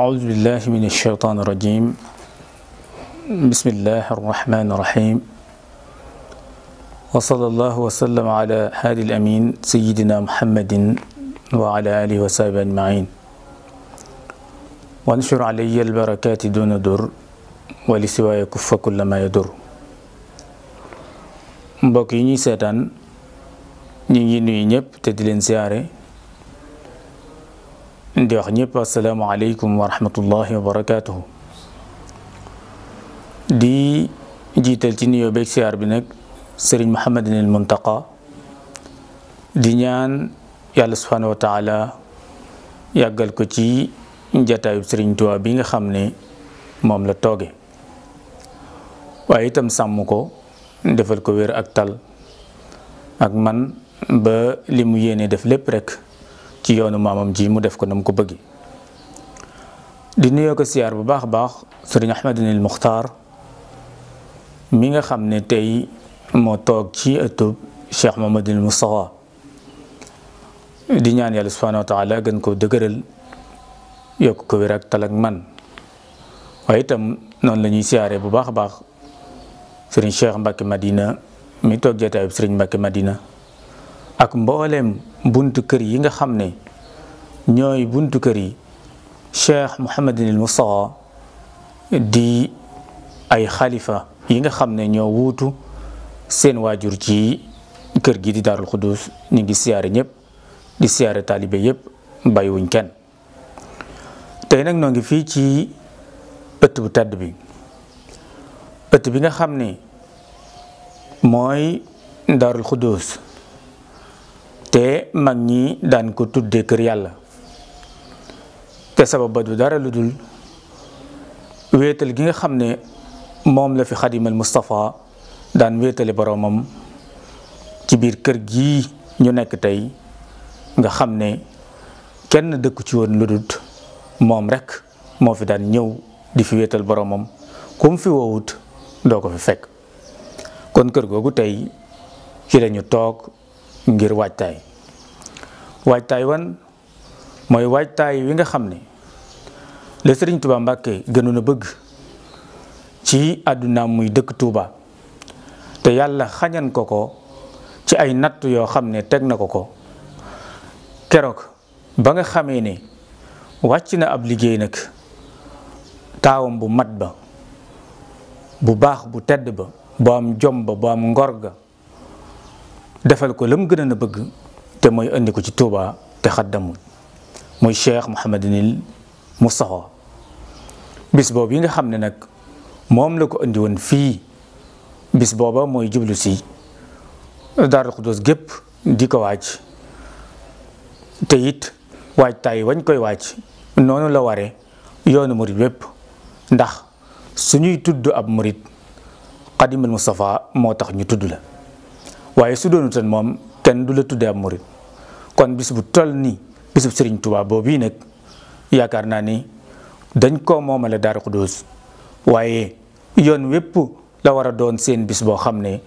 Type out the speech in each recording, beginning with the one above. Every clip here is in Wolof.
أعوذ بالله من الشيطان الرجيم بسم الله الرحمن الرحيم وصلى الله وسلم على هادي الأمين سيدنا محمد وعلى آله وصحبه أجمعين وانشر علي البركات دون در ولسواي كف كل ما يدر mbokk yi ñuy seetaan ñu ngi nuyu ñëpp te di leen siyaare di wax ñëpp asalaamaaleykum wa rahmatullahi wa barakaatuhu di jiital ci nuyoo beeg siyaar bi nag sëriñ Muhammadin al Muntaqa di ñaan yàlla subhaanahu wa taala yàggal ko ci jataayub sëriñ Tuubaa bi nga xam ne moom la tooge waaye itam sàmm ko defal ko wér ak tal ak man ba li mu yéene def lépp rek ci yoonu maamam ji mu def ko na mu ko bëggi di nuyoo ko siyaar bu baax a baax sëriñ Ahmadinil Muxtaar mi nga xam ne tey moo toog ci ëttub Cheikh mu Moustapha di ñaan yàlla subhaanahu wa taala gën koo dëgëral yokk ko wér talak man waaye itam noonu la ñuy siyaaree bu baax a baax sëriñ Cheikh Mbacke Madina mi toog jotaay bi sëriñ Mbacke Madina ak mbooleem buntu kër yi nga xam ne ñooy buntu kër yi cheikh Mouhamadinil Moustapha di ay xalifa yi nga xam ne ñoo wuutu seen waajur ci kër gi di daarul xudus ñu ngi siyaare ñëpp di siyaare taalibe yëpp bàyyiwuñ kenn tey nag noo ngi fii ci ëtt bu tedd bi ëtt bi nga xam ne mooy darul xudus te mag ñi daan ko tuddee kër yàlla te sabab ba du dara ludul dul wéetal gi nga xam ne moom la fi xadimal Moustapha daan wéetale boroomam ci biir kër gii ñu nekk tey nga xam ne kenn dëkku ci woon lu moom rekk moo fi daan ñëw di fi wéetal boroomam ku mu fi woowut doo ko fi fekk kon kër googu tey ci lañu toog ngir waajtaay waajtaay wan mooy waajtaay wi nga xam ne la Sëriñ Tuuba Mbàkke gënoon na bëgg ci àdduna muy dëkk Tuuba te yàlla xañan ko ko ci ay natt yoo xam ne teg na ko ko keroog ba nga xamee ne wàcc na ab liggéey nag taawam bu mat ba bu baax bu tedd ba bu am jom ba am ngor ga defal ko mu gën a bëgg te mooy indi ko ci Touba te xaddamu muy Cheikh Mouhamadinil Moustapha bis boobu yi nga xam ne nag moom la ko indi woon fii bis booba mooy jublu si Daaru Xuddoos gépp di ko waaj te it waajtaay wañ koy waaj noonu la ware yoonu murit wépp ndax suñuy tudd ab murit Xadimul Moustapha moo tax ñu tudd la waaye su doonutoon moom kenn du la tuddee ab murit kon bis bu toll nii bisub Serigne Touba boobu nag yaakaar naa ni dañ koo moomale Daaru Xudoos waaye yoon wépp la war a doon seen bis boo xam ne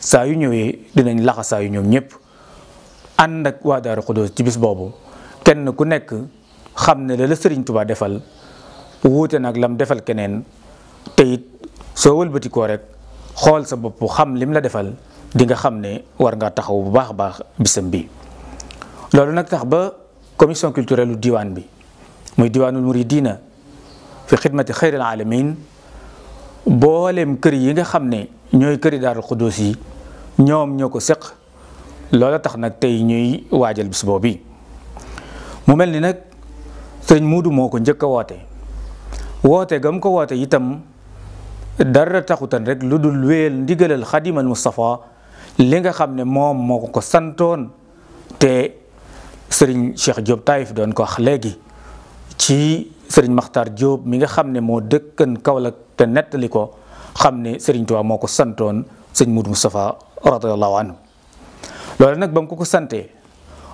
saa yu ñëwee dinañ laxasaa yu ñoom ñëpp ànd ak waa Daaru Xudoos ci bis boobu kenn ku nekk xam ne la la Serigne Touba defal wuute nag lam defal keneen te it soo wëlbatikoo rek xool sa bopp xam lim la defal di nga xam ne war ngaa taxaw bu baax a baax bisam bi loolu nag tax ba commission culturelle lu diwaan bi muy diwaanul muridina fi xidmati xayril alamin booleem kër yi nga xam ne ñooy këri daaru xudduus yi ñoom ñoo ko seq loola tax nag tey ñuy waajal bis boobu mu mel ni nag sëriñ muudu moo ko njëkk a woote woote gam ko woote itam dara taxutan rek lu dul wéyal ndigalal xadimal Mustafa li nga xam ne moom moo ko santoon te sëriñ Cheikh Diop Taïf doon ko wax léegi ci sëriñ Makhtar Diop mi nga xam ne moo dëkkan Kaolack te nettali ko xam ne sëriñ Tuubaa moo ko santoon sëñ Muudu Moustapha radiyallahu anhu loolu nag ba mu ko ko santee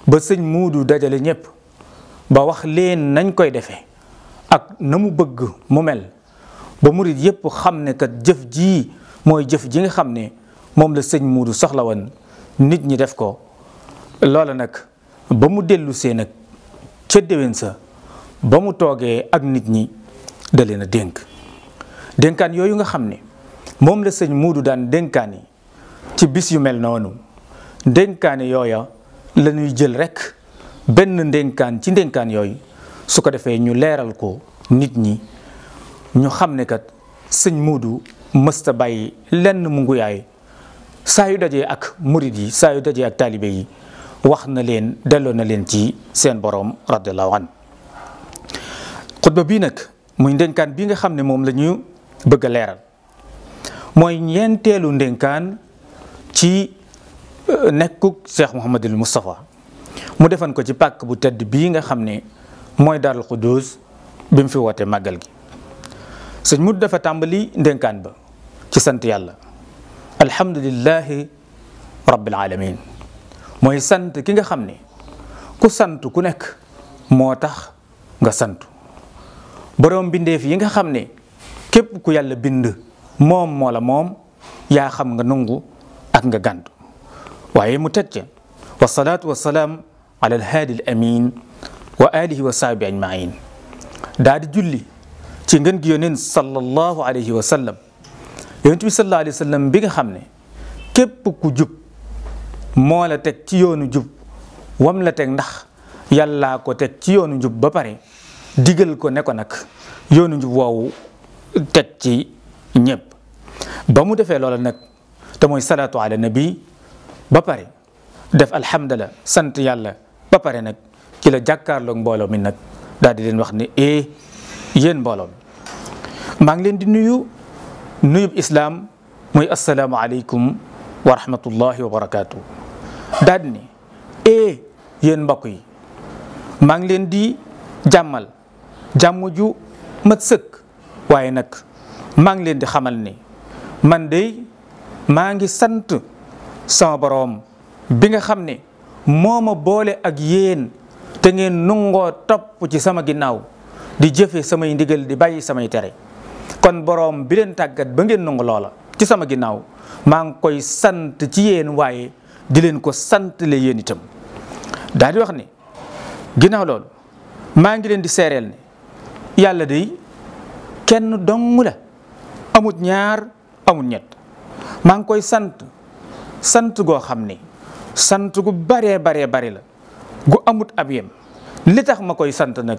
ba sëñ Muudu dajale ñëpp ba wax leen nañ koy defee ak na mu bëgg mu mel ba mu rit yépp xam ne ka jëf jii mooy jëf ji nga xam ne moom la sëñ Muudu soxla woon nit ñi def ko loola nag ba mu dellusee nag ca déwén sa ba mu toogee ak nit ñi da leen a dénk dénkaan yooyu nga xam ne moom la sëñ Muudu daan dénkaani ci bis yu mel noonu dénkaani yooya lañuy jël rekk benn ndénkaan ci ndénkaan yooyu su ko defee ñu leeral ko nit ñi ñu xam ne kat sëñ Muudu mësta bàyyi lenn mu nguyaay saa yu dajee ak murid yi saa yu dajee ak taalibe yi wax na leen delloo na leen ci seen boroom radiallahu an xutba bii nag muy ndénkaan bi nga xam ne moom lañu ñu bëgg leeral mooy ñeenteelu ndénkaan ci euh, nekkuk Cheikh Mouhamadul Moustapha mu defan ko ci pàkk bu tëdd bi nga xam ne mooy Daarul Xuddus bi mu fi woote màggal gi sëñ mu dafa tàmbali ndénkaan ba ci sant yàlla alhamdulilahi rabbil alamin mooy sant ki nga xam ne ku sant ku nekk moo tax nga sant boroom bindeef yi nga xam ne képp ku yàlla bind moom moo moom yaa xam nga nangu ak nga gàntu waaye mu tëj ca wasalaatu wasalaam ala alhaadi al amin wa alihi wa saabi ajmain daa di julli ci ngën gi yoneen sallallahu alayhi wa sallam yonent bi sallallahu alayhi wa sallam bi nga xam ne képp ku jub moo la teg ci yoonu jub wam la teg ndax yàllaa ko teg ci yoonu jub ba pare digal ko ne ko nag yoonu njub woowu teg ci ñëpp ba mu defee loola nag te mooy salaatu ala nabi ba pare def alhamdala sant yàlla ba pare nag ki la jàkkaarloog mbooloo mi nag daal di leen wax ni eh yéen mbooloo maa ngi leen di nuyu nuyub islaam mooy asalaamaaleykum wa rahmatullahi wa barakaatu. daal ni e yéen mbokk yi maa ngi leen di jàmmal jàmm ju mat sëkk waaye nag maa ngi leen di xamal ni man de maa ngi sant sama boroom bi nga xam ne moo boole ak yéen te ngeen nungoo topp ci sama ginnaaw di jëfe samay ndigal di bàyyi samay tere. kon boroom bileen tàggat ba ngeen nangu loola ci sama ginnaaw maa ngi koy sant ci yéen waaye di leen ko sant le yéen itam daal wax ni ginnaaw lool maa ngi leen di seereel ni yàlla day kenn dong la amut ñaar amut ñett maa ngi koy sant sant goo xam ni sant gu baree baree bari la gu amut ab yem li tax ma koy sant nag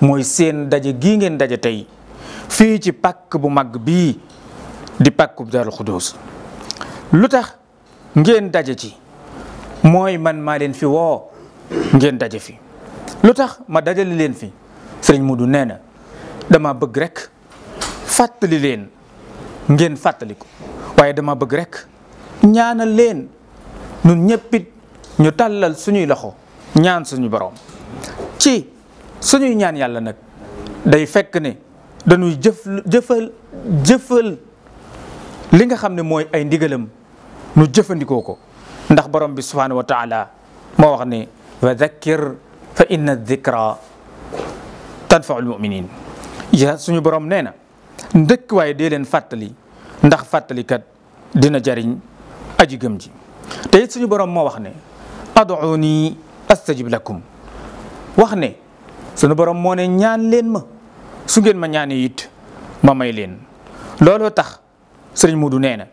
mooy seen daje gii ngeen daje tey fii ci pakk bu mag bii di pàkkub Daaru Xudoos lu tax ngeen daje ci mooy man maa leen fi woo ngeen daje fi lu tax ma dajale leen fi sëriñ Mudu nee na dama bëgg rekk fàttali leen ngeen fàttali ko waaye dama bëgg rek ñaana leen nun ñëppit ñu tàllal suñuy loxo ñaan suñu boroom ci suñuy ñaan yàlla nag day fekk ne dañuy jëf jëfal jëfal li nga xam ne mooy ay ndigalam nu jëfandikoo ko ndax borom bi subhaanahu wa moo wax ne wa dakkir fa inna dikra tanfaul muminin ya suñu borom nee na ndëkk waaye dee leen fàttali ndax fàttalikat dina jariñ aji gëm ji te suñu borom moo wax ne aduuni astajib lakum wax ne suñu borom moo ne leen ma su ngeen ma ñaanee it ma may leen looloo tax sëriñ Mudu nee na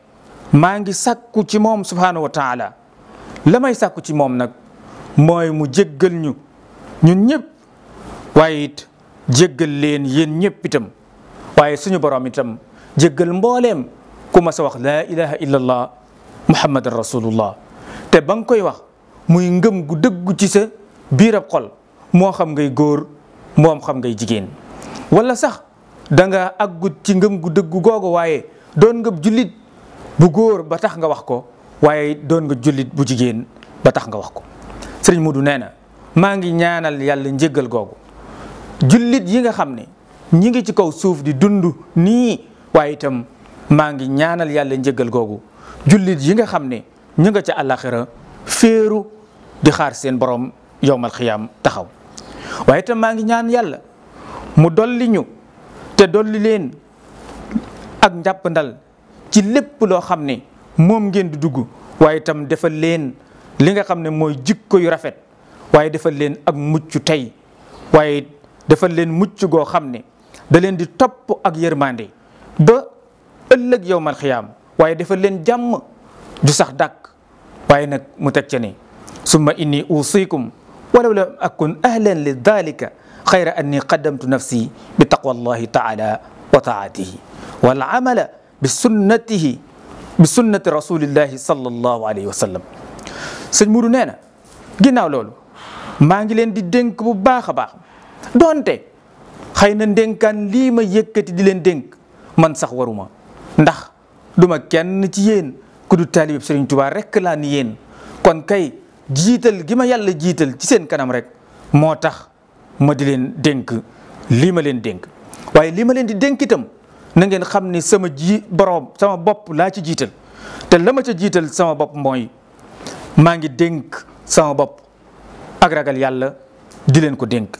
maa ngi sakku ci moom subhaanahu wa taala la may sàkku ci moom nag mooy mu jéggal ñu ñun ñëpp waaye it jéggal leen yéen ñëpp itam waaye suñu borom itam jéggal mbooleem ku ma sa wax laa ilaha illallah muhammadan rasulullah te ba nga koy wax muy ngëm gu dëggu ci sa biir ab xol moo xam ngay góor moom xam ngay jigéen wala sax da nga aggut ci ngëm gu dëggu googu waaye doon nga jullit bu góor ba tax nga wax ko waaye doon nga jullit bu jigéen ba tax nga wax ko sëriñ Mudu nee na maa ngi ñaanal yàlla njéggal googu jullit yi nga xam ne ñi ngi ci kaw suuf di dund nii waaye itam maa ngi ñaanal yàlla njéggal googu jullit yi nga xam ne ñu nga ca àllaaxira féeru di xaar seen borom yowmal xiyaam taxaw waaye itam maa ngi ñaan yàlla mu dolli ñu te dolli leen ak njàppandal ci lépp loo xam ne moom ngeen di dugg waaye itam defal leen li nga xam ne mooy jikko yu rafet waaye defal leen ak mucc tey waaye defal leen mucc goo xam ne da leen di topp ak yërmande ba ëllëg yowmal xiyaam waaye defal leen jàmm ju sax dàkk waaye nag mu teg ca ni summa inni usikum walaw ak akun ahlan li dalika xayra anni qaddamtu nafsi bi taqwallahi taala wa taatihi wal amala bi sunnatihi bi sunnati rasulillahi sallallahu alayhi wa sallam sëñ Mudu nee na ginnaaw loolu maa ngi leen di dénk bu baax a baax doonte xëy na ndénkaan lii ma yëkkati di leen dénk man sax waruma ndax duma kenn ci yéen ku du taalibeb Sëriñ Tuubaa rek laa ni yéen kon kay jiital gima ma yàlla jiital ci seen kanam rek moo tax ma di leen dénk lii ma leen dénk waaye lii ma leen di dénk itam na ngeen xam ni sama ji boroom sama bopp laa ci jiital te la ma ca jiital sama bopp mooy maa ngi dénk sama bopp ak ragal yàlla di leen ko dénk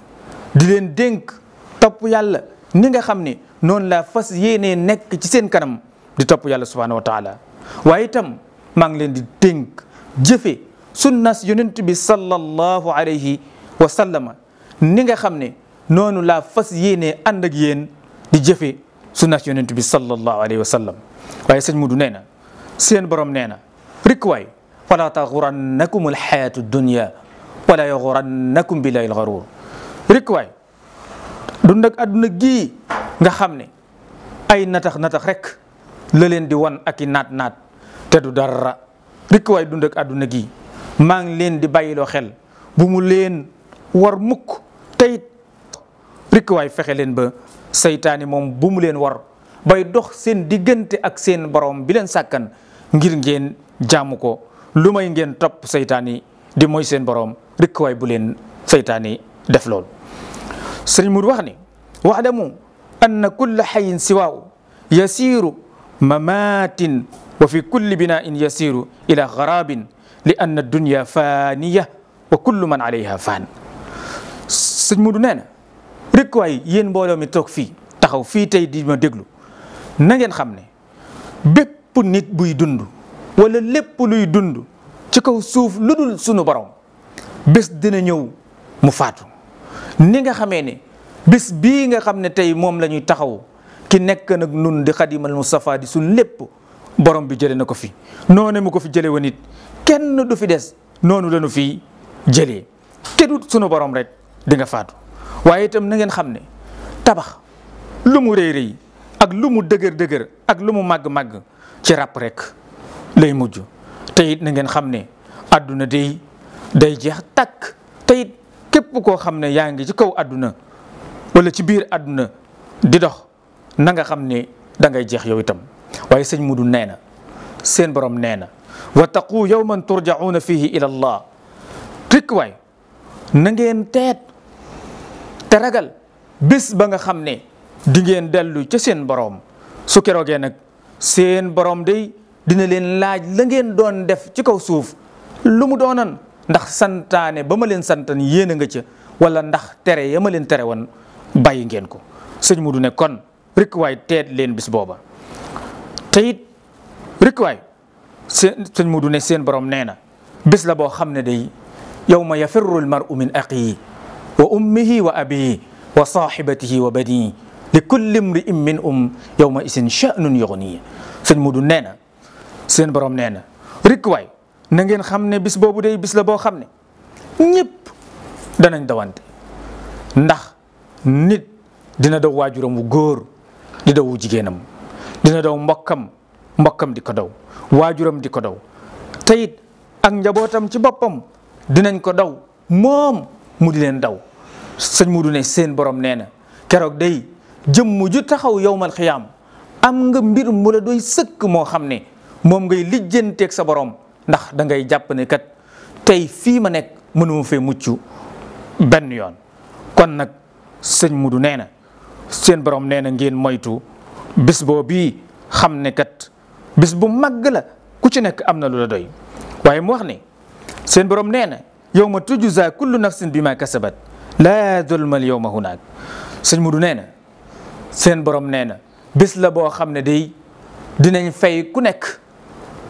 di leen dénk topp yàlla ni nga xam ni noonu laa fas yéenee nekk ci seen kanam di topp yàlla subhaanahu wa waaye itam maa ngi leen di dénk jëfe sunnas yonent bi sallallahu alayhi wa sallama ni nga xam ne noonu laa fas yéenee ànd ak yéen di jëfe sunnas yonent bi sallallahu alayhi wa waaye sëñ Mudu nee na seen borom nee na rik waay wala taxurannakum alxayatu dunya wala yaxurannakum billahi alxaruur rik waay dund ak àdduna gi nga xam ne ay natax natax rek la leen di wan aki i naat naat te du dara rik waay dund ak àdduna gii maa ngi leen di bàyyiloo xel bu mu leen war mukk tey rikk waay fexe leen ba saytaani moom bu mu leen war bay dox seen diggante ak seen borom bi leen sàkkan ngir ngeen jaamu ko lu may ngeen topp saytaani di moy seen borom rikk waay bu leen saytaani def lool sëriñ Mour wax ni waxlamu anna kulla xayin siwaaw yasiiru mamaatin wa fi kulli binain yasiiru ila xaraabin li anna dunya faaniya wa kullu man alayha faan sëñ Modou nee na rek waay yéen mbooloo mi toog fii taxaw fii tey di ma déglu na ngeen xam ne bépp nit buy dund wala lépp luy dund ci kaw suuf lu dul sunu borom bés dina ñëw mu faatu ni nga xamee ne bés bii nga xam ne tey moom la ñuy taxaw ki nekk nag nun di xadimal Mustafa di suñ lépp borom bi jële na ko fi noonu mu ko fi jële woon nit kenn du fi des noonu lañu fi jëlee te du sunu borom rek di nga faatu waaye itam na ngeen xam ne tabax lu mu rëy ak lu mu dëgër dëgër ak lu mu màgg màgg ci ràpp rek lay mujj te it na ngeen xam ne àdduna day day jeex takk te it képp koo xam ne yaa ngi ci kaw àdduna wala ci biir àdduna di dox na nga xam ne dangay jeex yow itam waaye sëñ Mudu nee na seen borom nee na wattaqu yawman turjauna fihi ila allah rikk waay na ngeen teet ragal bés ba nga xam ne di ngeen dellu ca seen boroom su keroogee nag seen boroom day dina leen laaj la ngeen doon def ci kaw suuf lu mu doonan ndax santaane ba ma leen santan yéen a nga ca wala ndax tere ya ma leen tere woon bàyyi ngeen ko sëñ mu ne kon rek waay teet leen bis booba te it rek waay seen sëñ mu ne seen borom nee na bis la boo xam ne day yow ma yafirrul mar'u min axiihi wa ummihi wa abihi wa sahibatihi wa banii li kulli mri'in minhum yawma isin sha'nun yughni sëñ Mudu nee na seen borom nee na rikk waay na ngeen xam ne bis boobu day bis la boo xam ne ñëpp danañ dawante ndax nit dina daw waajuram wu góor di daw wu jigéenam dina daw mbokkam mbokkam di ko daw waajuram di ko daw teyit ak njabootam ci boppam dinañ ko daw moom mu di leen daw sëñ Mudu ne seen borom nee na keroog day jëmm ju taxaw yowmal xiyaam am nga mbir mu la doy sëkk moo xam ne moom ngay lijjanteek sa boroom ndax dangay jàpp ne kat tey fii ma nekk mënuma fee mucc benn yoon kon nag sëñ Mudu nee na seen borom nee na ngeen moytu bis boo bii xam ne kat bis bu màgg la ku ci nekk am na lu la doy waaye mu wax ne seen borom nee na yow ma tujuzaa kullu nafsin bi ma kasabat laa zulmal yawma hunaak sëñ Mudu nee na seen borom nee na bis la boo xam ne day dinañ fay ku nekk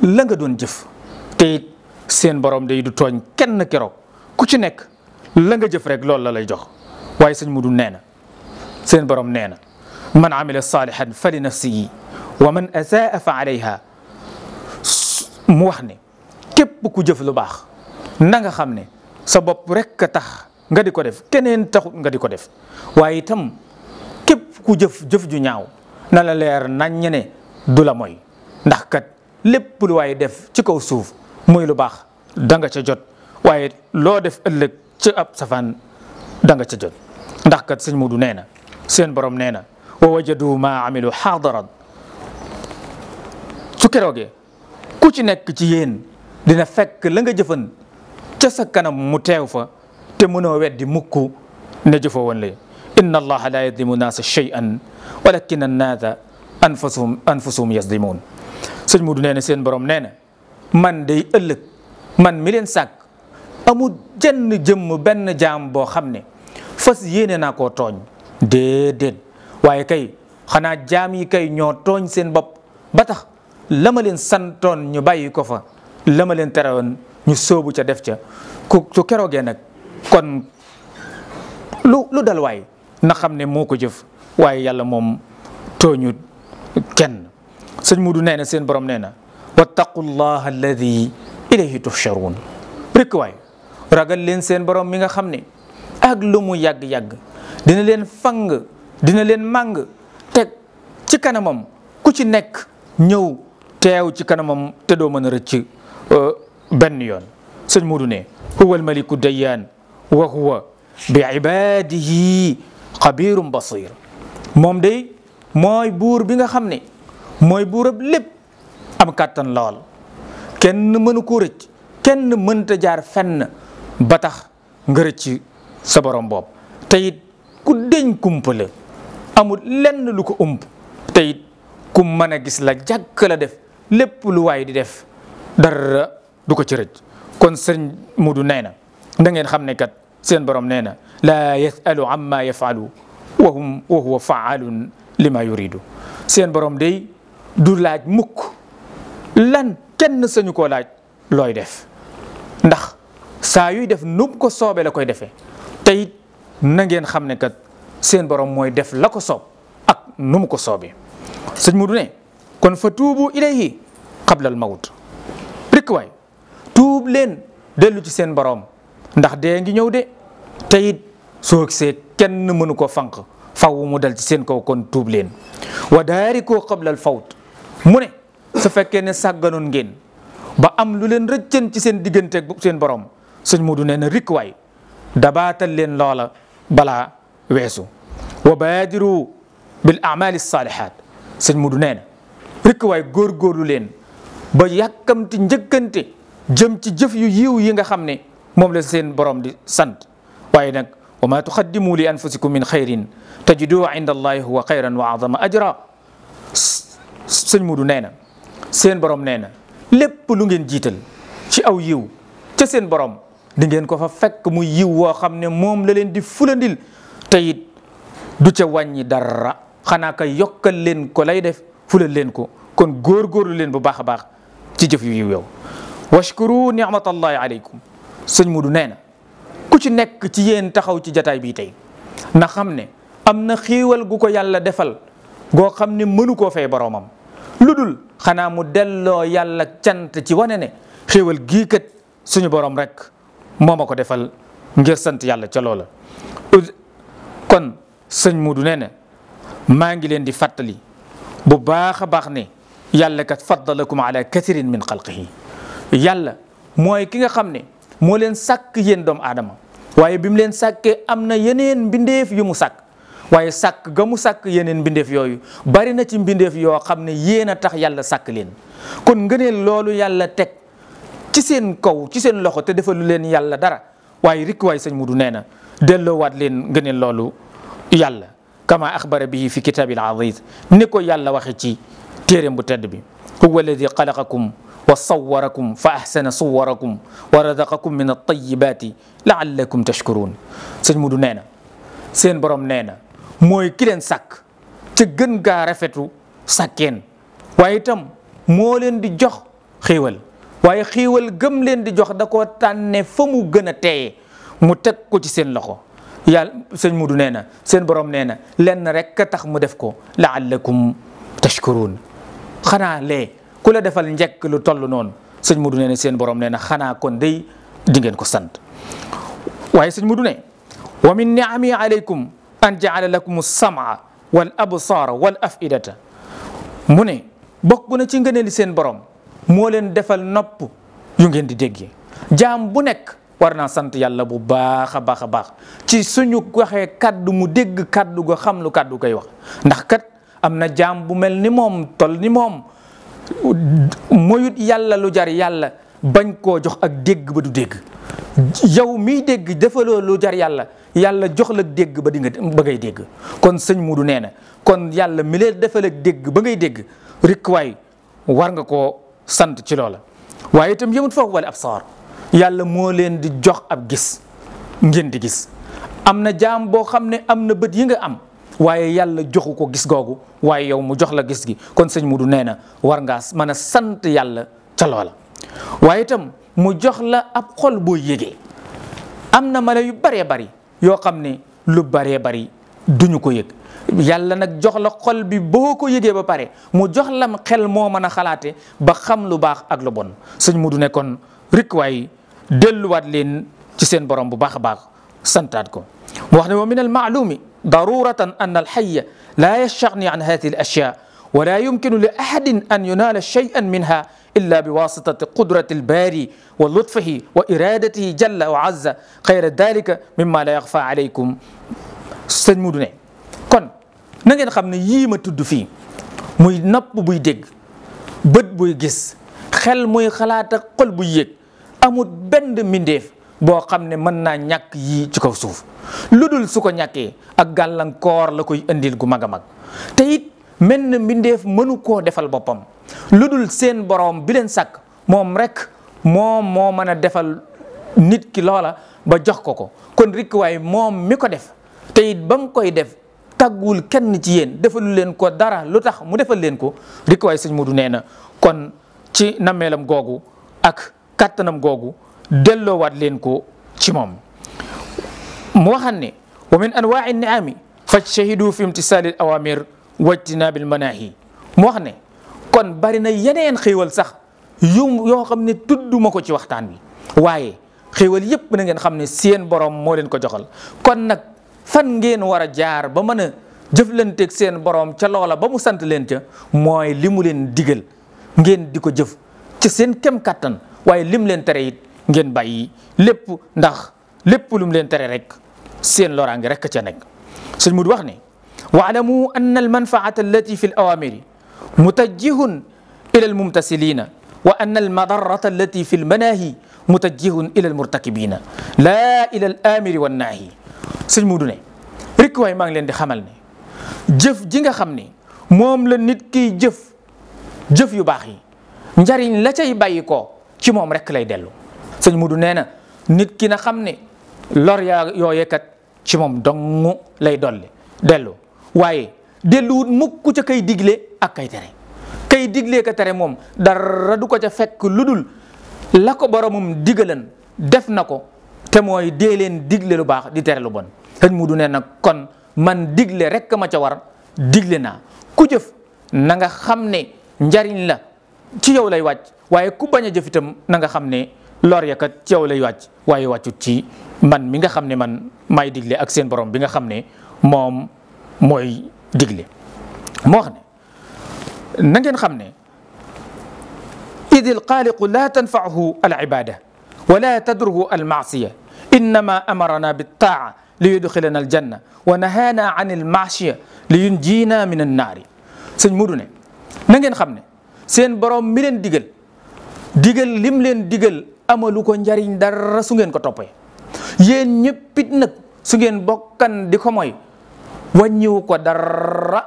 la nga doon jëf te seen borom day du tooñ kenn keroog ku ci nekk la nga jëf rek loolu la lay jox waaye sëñ Mudu nee na seen borom nee na man amila saalihan fa li nafsihi wa man asaa fa alayha mu wax ne képp ku jëf lu baax nanga xam ne sa bopp rek a tax nga di ko def keneen taxut nga di ko def waaye itam képp ku jëf jëf ju ñaaw na la leer naññ ne du la mooy ndax kat lépp lu waaye def ci kaw suuf muy lu baax da nga ca jot waaye loo def ëllëg ci ab safaan da nga ca jot ndax kat sëñ Mudu nee na seen borom nee na wa wajadu maa amilu xaadaran su kerooge ku ci nekk ci yéen dina fekk la nga jëfan ca sa kanam mu teew fa te mënoo weddi mukk ne jëfoo woon la inna allaha la yadlimu naasa shay'an walakin annaasa anfusum anfusum yazlimun sëñ Mudu nee na seen borom nee na man day ëllëg man mi leen sàkk amul jenn jëmm benn jaam boo xam ne fas yéene naa koo tooñ déedéet waaye kay xanaa jaam yi kay ñoo tooñ seen bopp ba tax la ma leen santoon ñu bàyyi ko fa la ma leen terewoon ñu soobu ca def ca ku su keroogee nag kon lu lu dal waay na xam ne moo ko jëf waaye yàlla moom tooñu kenn sëñ Mudu nee na seen borom nee na wattaqullaha alladi ilayhi tuhsharuun rek waay ragal leen seen borom mi nga xam ne ak lu mu yàgg-yàgg dina leen fang dina leen màng teg ci kanamam ku ci nekk ñëw teew ci kanamam te doo mën a rëcc euh, benn yoon sëñ Mudu ne huwa almaliku dayyaan wa huwa bi ibaadihi xabiirum basir moom day mooy buur bi nga xam ne mooy buurab lépp am kattan lool kenn mënu ko rëcc kenn mënta jaar fenn batax tax nga rëcc sa borom boobu ku deñ kumpala amul lenn lu ko ump te it ku mën a gis la jàkk la def lépp lu waay di def dara du ko ci rëcc kon sëriñ Mudu nee na da ngeen xam ne kat seen boroom nee na laa yasalu amma yafalu wa hum wa huwa faalun lima yuridu seen boroom day du laaj mukk lan kenn sañu koo laaj looy def ndax saa yuy def nub ko soobee la koy defee te it na ngeen xam ne kat seen borom mooy def la ko soob ak nu ko soobe sëñ mu du ne kon fa tuubu ilayhi qabla al mawt rikk waay tuub leen dellu ci seen boroom ndax dee ngi ñëw de te it soo gisee kenn mënu ko fanq faw mu dal ci seen kaw kon tuub leen wa daari ko qablal fawt mu ne su fekkee ne sàgganoon ngeen ba am lu leen rëccën ci seen digganteeg seen borom sëñ Moodu nee na rikk waay dabaatal leen loola bala weesu wa baadiru bil amali saalihaat sëñ Moodu nee na rikk waay góorgóorlu leen ba yàkkamti njëkkante jëm ci jëf yu yiw yi nga xam ne moom la seen borom di sant waaye nag wa ma tuqaddimu li anfusikum min xayrin tajiduhu inda allahi huwa xayran wa azama ajra sëñ mudu nee na seen borom nee na lépp lu ngeen jiital ci aw yiw ca seen borom di ngeen ko fa fekk mu yiw woo xam ne moom la leen di fulandil te it du ca wàññi dara xanaa kay yokkal leen ko lay def fulal leen ko kon góorgóorlu leen bu baax a baax ci jëf yu yiw yow washkuru nicmatallahi aleykum sëñ Modou nee na ku ci nekk ci yéen taxaw ci jataay bii tey na xam ne am na xiiwal gu ko yàlla defal goo xam ne mënu koo fay boroomam lu dul xanaa mu delloo yàlla cant ci wane ne xéewal gii kat suñu boroom rek moo ma ko defal ngir sant yàlla ca loola kon sëñ Modou nee na maa ngi leen di fàttali bu baax a baax ne yàlla kat faddalakum ala kathirin min xalqihi yàlla mooy ki nga xam ne moo leen sàkk yéen doomu aadama waaye bi mu leen sàkkee am na yeneen mbindeef yu mu sàkk waaye sàkk ga mu sàkk yeneen mbindeef yooyu bari na ci mbindeef yoo xam ne yéen a tax yàlla sàkk leen kon ngëneel loolu yàlla teg ci seen kaw ci seen loxo te defalu leen yàlla dara waaye rikk waay sëñ Mudu nee na delloowaat leen ngëneel loolu yàlla kama axbara bihi fi kitaabil aziz ni ko yàlla waxe ci téeréem bu tedd bi huwa alladi xalaqakum wa sawwarakum fa ahsana suwarakum wa razaqakum min at-tayyibaati la'allakum tashkuruun sëñ Mudu nee na seen borom nee na mooy ki leen sàkk ca gën gaa rafetu sàkkeen waaye itam moo leen di jox xéewal waaye xéewal gëm leen di jox da koo tànne fa mu gën a teeye mu teg ko ci seen loxo yàlla sëñ Mudu nee na seen borom nee na lenn rek tax mu def ko la'allakum tashkuruun xanaa lee ku defal njekk lu toll noonu sëñ Mudu nee na seen borom nee na xanaa kon day di ngeen ko sant waaye sëñ Mudu ne wa min niami alaykum an jaala lakum samaa wal absaara wal afidata mu ne bokk na ci ngëneeli seen borom moo leen defal nopp yu ngeen di déggee jaam bu nekk war naa sant yàlla bu baax a baax a baax ci suñu waxee kaddu mu dégg kaddu go xam lu kaddu koy wax ndax kat am na jaam bu mel ni moom tol ni moom moyut yàlla lu jar yàlla bañ koo jox ak dégg ba du dégg yow miy dégg defaloo lu jar yàlla yàlla jox la dégg ba dinga nga ba ngay dégg kon sëñ Mudu nee na kon yàlla mi leen defal ak dégg ba ngay dégg rek waay war nga koo sant ci loola. waaye itam yëmut foofu ab absaar yàlla moo leen di jox ab gis ngeen di gis am na jaam boo xam ne am na bët yi nga am. waaye yàlla joxu ko gis googu waaye yow mu jox la gis gi kon sëñ Mudu nee na war ngaa mën a sant yàlla ca loola waaye itam mu jox la ab xol boo yëgee am na mala yu baree bari yoo xam ne lu baree bari duñu ko yëg yàlla nag jox la xol bi boo ko yëgee ba pare mu jox lam xel moo mën a xalaate ba xam lu baax ak lu bon sëñ Mudu ne kon rikk waay delluwaat leen ci seen borom bu baax a baax santaat ko mu wax ne wa min maalumi ضرورة أن الحي لا يستغني عن هذه الأشياء ولا يمكن لأحد أن ينال شيئا منها إلا بواسطة قدرة الباري ولطفه وإرادته جل وعز خير ذلك مما لا يخفى عليكم sëñ Mudu ne kon na ngeen xam ne yii ma tudd fii muy napp buy dégg bët buy gis xel muy xalaat ak xol buy yëg amul benn mbindeef boo xam ne mën naa ñàkk yii ci kaw suuf lu dul su ko ñàkkee ak gàllankoor la koy indil gu mag a mag te it mel na mbindeef mënu koo defal boppam lu dul seen boroom bi leen sàkk moom rek moom moo mën a defal nit ki loola ba jox ko ko kon rikk moom mi ko def te it ba mu koy def tàggul kenn ci yéen defalu leen ko dara lu tax mu defal leen ko rikk waay sëñ Modou nee na kon ci nammeelam googu ak kàttanam googu delloowaat leen ko ci moom mu waxan ne wa min anwaai niami fajtahidu fi imtisaali awamir wa ijtinaabil manaahi mu wax ne kon bari na yeneen xéewal sax yu yoo xam ne tudduma ko ci waxtaan bi waaye xéewal yépp na ngeen xam ne seen borom moo leen ko joxal kon nag fan ngeen war a jaar ba mën a jëflanteeg seen borom ca loola ba mu sant leen ca mooy li mu leen digal ngeen di ko jëf ci seen kem kàttan waaye limu leen tere it ngeen bàyyi lépp ndax lépp lu leen tere rek seen loraange rek ca nekk sëñ Mudu wax ne waalamu anna almanfaata allati fi alawamiri mutajjihun ila almumtasilina wa anna almadarata allati fi almanahi mutajjihun ila almurtakibina laa ila alamiri wannaahi sëñ Mudu ne rek waay maa ngi leen di xamal ne jëf ji nga xam ne moom la nit ki jëf jëf yu baax yi njariñ la cay bàyyi ko ci moom rek lay dellu sëñ Mudu nee na nit ki na xam ne lor yaa kat ci moom dong lay dolli dellu waaye delluwut mukk ca kay digle ak kay tere kay diglee ka tere moom dara du ko ca fekk lu dul la ko boromum digalan def na ko te mooy dee leen digle lu baax di tere lu bon sëñ Mudu nee na kon man digle rek ma ca war digle naa ku jëf na nga xam ne njariñ la ci yow lay wàcc waaye ku bañ a jëf xam ne lor ya kat ci yow lay wàcc waaye wàccut ci man mi nga xam ne man maay digle ak seen borom bi nga xam ne moom mooy digle moo wax ne na ngeen xam ne id alxaaliqu la tanfacuhu alcibada wala tadruhu almacsiya innama amarana biltaaca li yudxilana aljanna wa nahaana an li yunjiina ne na ngeen xam ne seen borom mi amalu ko njariñ dara su ngeen ko toppee yéen ñëppit nag su ngeen bokkan di ko mooy wàññiwu ko dara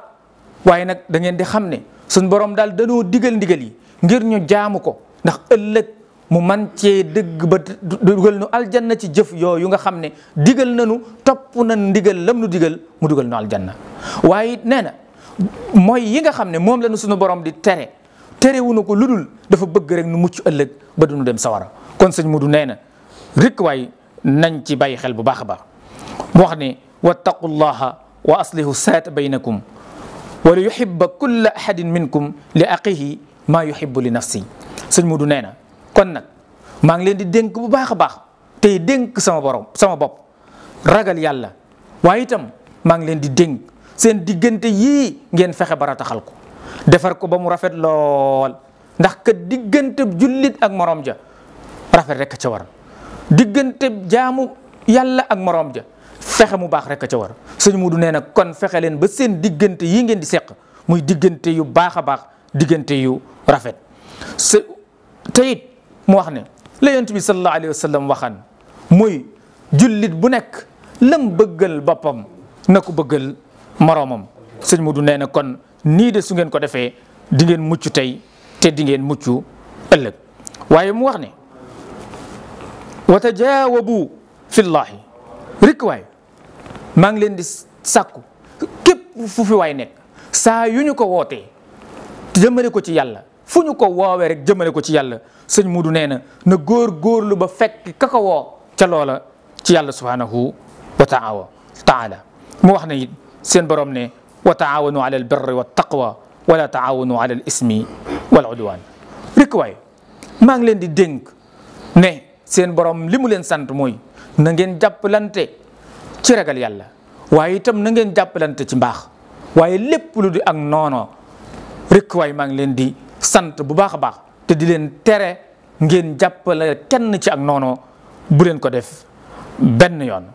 waaye nag dangeen di xam ne sun borom daal danoo digal ndigal yi ngir ñu jaamu ko ndax ëllëg mu man cee dëgg ba dugal nu aljanna ci jëf yooyu nga xam ne digal nanu topp na ndigal lam nu digal mu dugal nu aljanna waaye it nee na mooy yi nga xam ne moom la nu suñu borom di tere terewunu ko lu dul dafa bëgg rek nu mucc ëllëg ba du nu dem sawara kon sëñ Mudu nee na rikk waay nañ ci bàyyi xel bu baax a baax mu wax ne wattaqullaha wa aslihu saata baynakum wa li yuhibba kulla ahadin minkum li aqihi maa yuhibbu li nafsi sëñ Mudu nee na kon nag maa ngi leen di dénk bu baax a baax tey dénk sama borom sama bopp ragal yàlla waaye itam maa ngi leen di dénk seen diggante yii ngeen fexe ba rataxal ko defar ko ba mu rafet lool ndax ka diggante jullit ak morom ja rafet rek ca war diggante jaamu yàlla ak moroom ja fexe mu baax rek ca war sëñ Mudu nee na kon fexe leen ba seen diggante yi ngeen di seq muy diggante yu baax a baax diggante yu rafet sa te it mu wax ne la yonent bi sallallahu alayhi wa sallam waxaan muy jullit bu nekk lam bëggal boppam na ko bëggal moroomam sëñ Mudu nee na kon nii de su ngeen ko defee di ngeen mucc tey te di ngeen mucc ëllëg waaye mu wax ne wa tajaawabu fillaahi rikk waay maa ngi leen di sàkku képp fu fi waay nekk saa yu ñu ko woote jëmale ko ci yàlla fu ñu ko woowee rek jëmale ko ci yàlla sëñ Mudu nee na na góor góorlu ba fekk ka ko ca loola ci yàlla subhaanahu wa taawa taala mu wax na it seen borom ne wa taawanu ala al wa taqwa wala taawanu ala al ismi wal udwan rek waay leen di dénk ne seen borom li mu leen sant mooy na ngeen jàppalante ci ragal yàlla waaye itam na ngeen jàppalante ci mbaax waaye lépp lu di ak noono rek waaye maa ngi leen di sant bu baax a baax te di leen tere ngeen jàppale kenn ci ak noono bu leen ko def benn yoon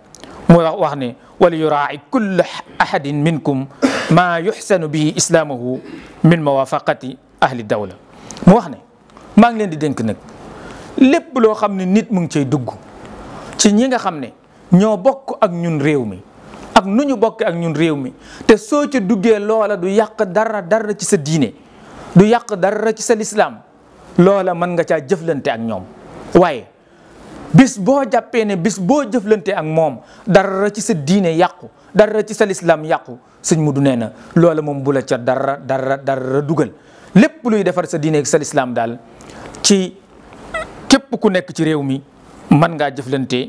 mu wax ne wala yuraaci kullu ahadin minkum maa yuxsanu bihi islaamuhu min mawafaqati ahli dawla mu wax ne maa ngi leen di dénk nag lépp loo xam ne nit mu ngi cay dugg ci ñi nga xam ne ñoo bokk ak ñun réew mi ak nu ñu bokkee ak ñun réew mi te soo ca duggee loola du yàq dara dara ci sa diine du yàq dara ci sa lislaam loola mën nga caa jëflante ak ñoom waaye bis boo jàppee ne bis boo jëflante ak moom dara ci sa diine yàqu dara ci sa yàqu sëñ mu du nee na loola moom bu la ca dara dara dara dugal lépp luy defar sa diine ak sa lislaam daal képp ku nekk ci réew mi mën ngaa jëflante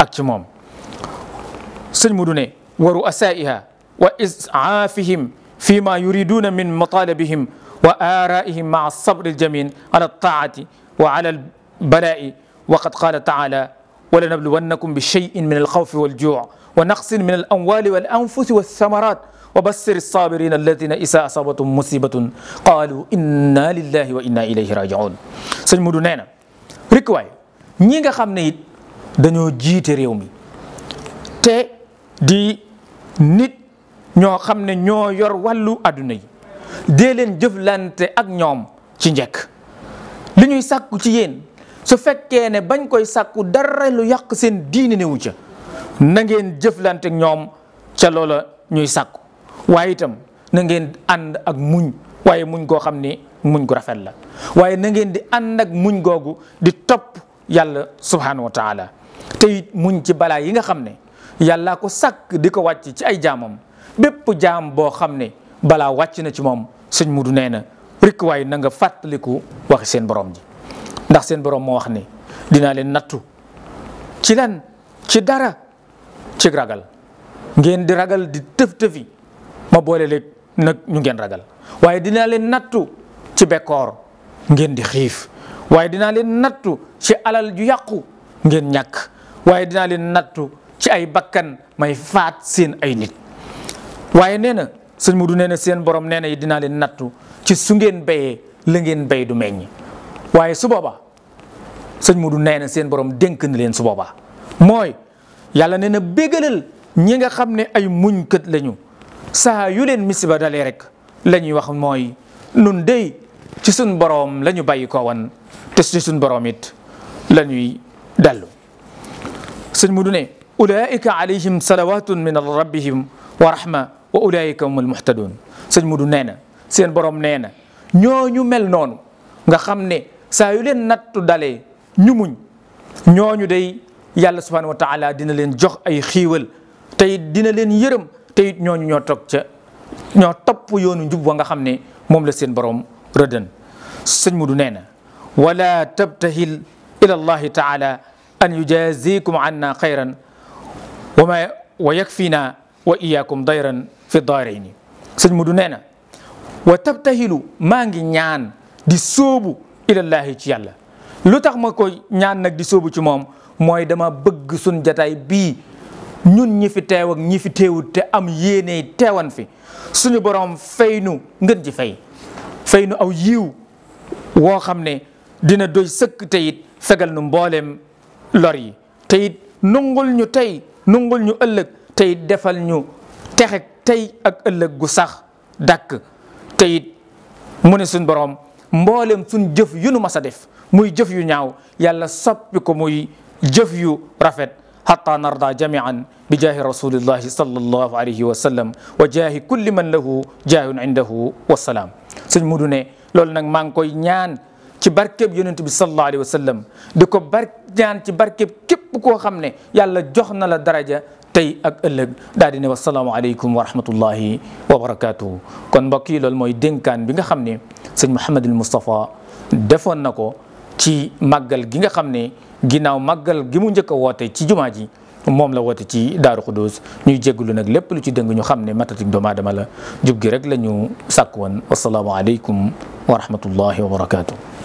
ak ci moom sëñ mu du ne waru asaiha wa isaafihim fi ma yuriduuna min matalabihim wa aaraihim maa sabri aljamin ala altaati wa ala albalaai wa qad qaala taala ولنبلونكم بشيء من الخوف والجوع ونقص من الأموال والأنفس والثمرات وبشر الصابرين الذين إذا أصابتهم مصيبة قالوا إنا لله وإنا إليه راجعون sëñ Mudu nee na rek waay ñi nga xam ne it dañoo jiite réew mi te di nit ñoo xam ne ñoo yor wàllu àdduna yi dee leen jëflante ak ñoom ci njekk li ñuy sàkku ci yéen su fekkee ne bañ koy sakku dara lu yàq seen diini newu ca nangeen ngeen jëflante ak ñoom ca loola ñuy sàkku waaye itam na ngeen ànd ak muñ waaye muñ koo xam ni muñ gu rafet la waaye na ngeen di ànd muñ googu di topp yàlla subhanahu wa taala te muñ ci balaa yi nga xam ne yàllaa ko sàkk di ko wàcc ci ay jaamam bépp jaam boo xam ne balaa wàcc na ci moom sëñ mudu nee na rikk waaye na nga fàttaliku waxi seen borom ji ndax seen borom moo wax ne dinaa leen nattu ci lan ci dara ci ragal ngeen di ragal di tëf-tëfi ma boole léeg nag ñu ngeen ragal waaye dinaa leen nattu ci bekkoor ngeen di xiif waaye dinaa leen nattu ci alal ju yàqu ngeen ñàkk waaye dinaa leen nattu ci ay bakkan may faat seen ay nit waaye nee na sëñ Mudu nee seen borom nee na yi dinaa leen nattu ci su ngeen béyee la ngeen béy du meññ waaye su booba sëñ Mudu nee seen borom dénk leen su booba mooy yàlla nee na bégalal ñi nga xam ne ay muñkat lañu saa yu leen misiba dalee rek la wax mooy nun dey ci suñ boroom la ñu bàyyi ko woon te ci suñ boroom it la sëñ mu ne ulaika alayhim salawatun min rabbihim wa rahma wa ulaika hum almuhtadun sëñ mu du nee na seen boroom nee na ñooñu mel noonu nga xam ne saa leen nattu dale ñu muñ ñooñu day yàlla subhanahu wa dina leen jox ay xiiwal te dina leen yërëm te ñooñu ñoo ca ñoo topp yoonu njub wa nga xam ne moom la seen boroom rëddan sëñ mu du nee na wala tabtahil ila allahi taala an yujazikum anna xayran wa ma wa wa iyakum dayran fi daarayni sëñ mu du nee na wa tabtahilu maa ngi ñaan di sóobu ilallahi ci yàlla lu tax ma ko ñaan nag di soobu ci moom mooy dama bëgg suñ jataay bi ñun ñi fi teew ak ñi fi teewut te am yéene teewan fi suñu borom fay nu ji ci fay fay nu aw yiw woo xam ne dina doy sëkk te it fegal nu mbooleem lor yi te it nungul ñu tey nungul ñu ëllëg te defal ñu texeg tey ak ëllëg gu sax dàkk te it mu ne suñ boroom mboolem suñ jëf yu nu masa def muy jëf yu ñaaw yàlla soppi ko muy jëf yu rafet حتى نرضى جميعا بجاه رسول الله صلى الله عليه وسلم وجاه كل من له جاه عنده والسلام سن مودو ne loolu nag maa ngi koy ñaan ci barkeb yonent bi sallallahu alayhi wa sallam di ko bar ñaan ci barkeb képp koo xam ne yàlla jox na la daraja tey ak ëllëg daal di ne wasalaamaaleykum wa rahmatullahi wa barakaatu kon mbokk yi loolu mooy dénkaan bi nga xam ne sëñ Mouhamadul Moustapha defoon na ko ci màggal gi nga xam ne ginnaaw màggal gi mu njëkk a woote ci jumaa ji moom la woote ci Daaru Xudóos ñuy jégglu nag lépp lu ci dëng ñu xam ne matatik doomu aadama la jub gi rek la ñu sàkk woon wasalaamu aleykum wa rahmatullahi wa barakaatu.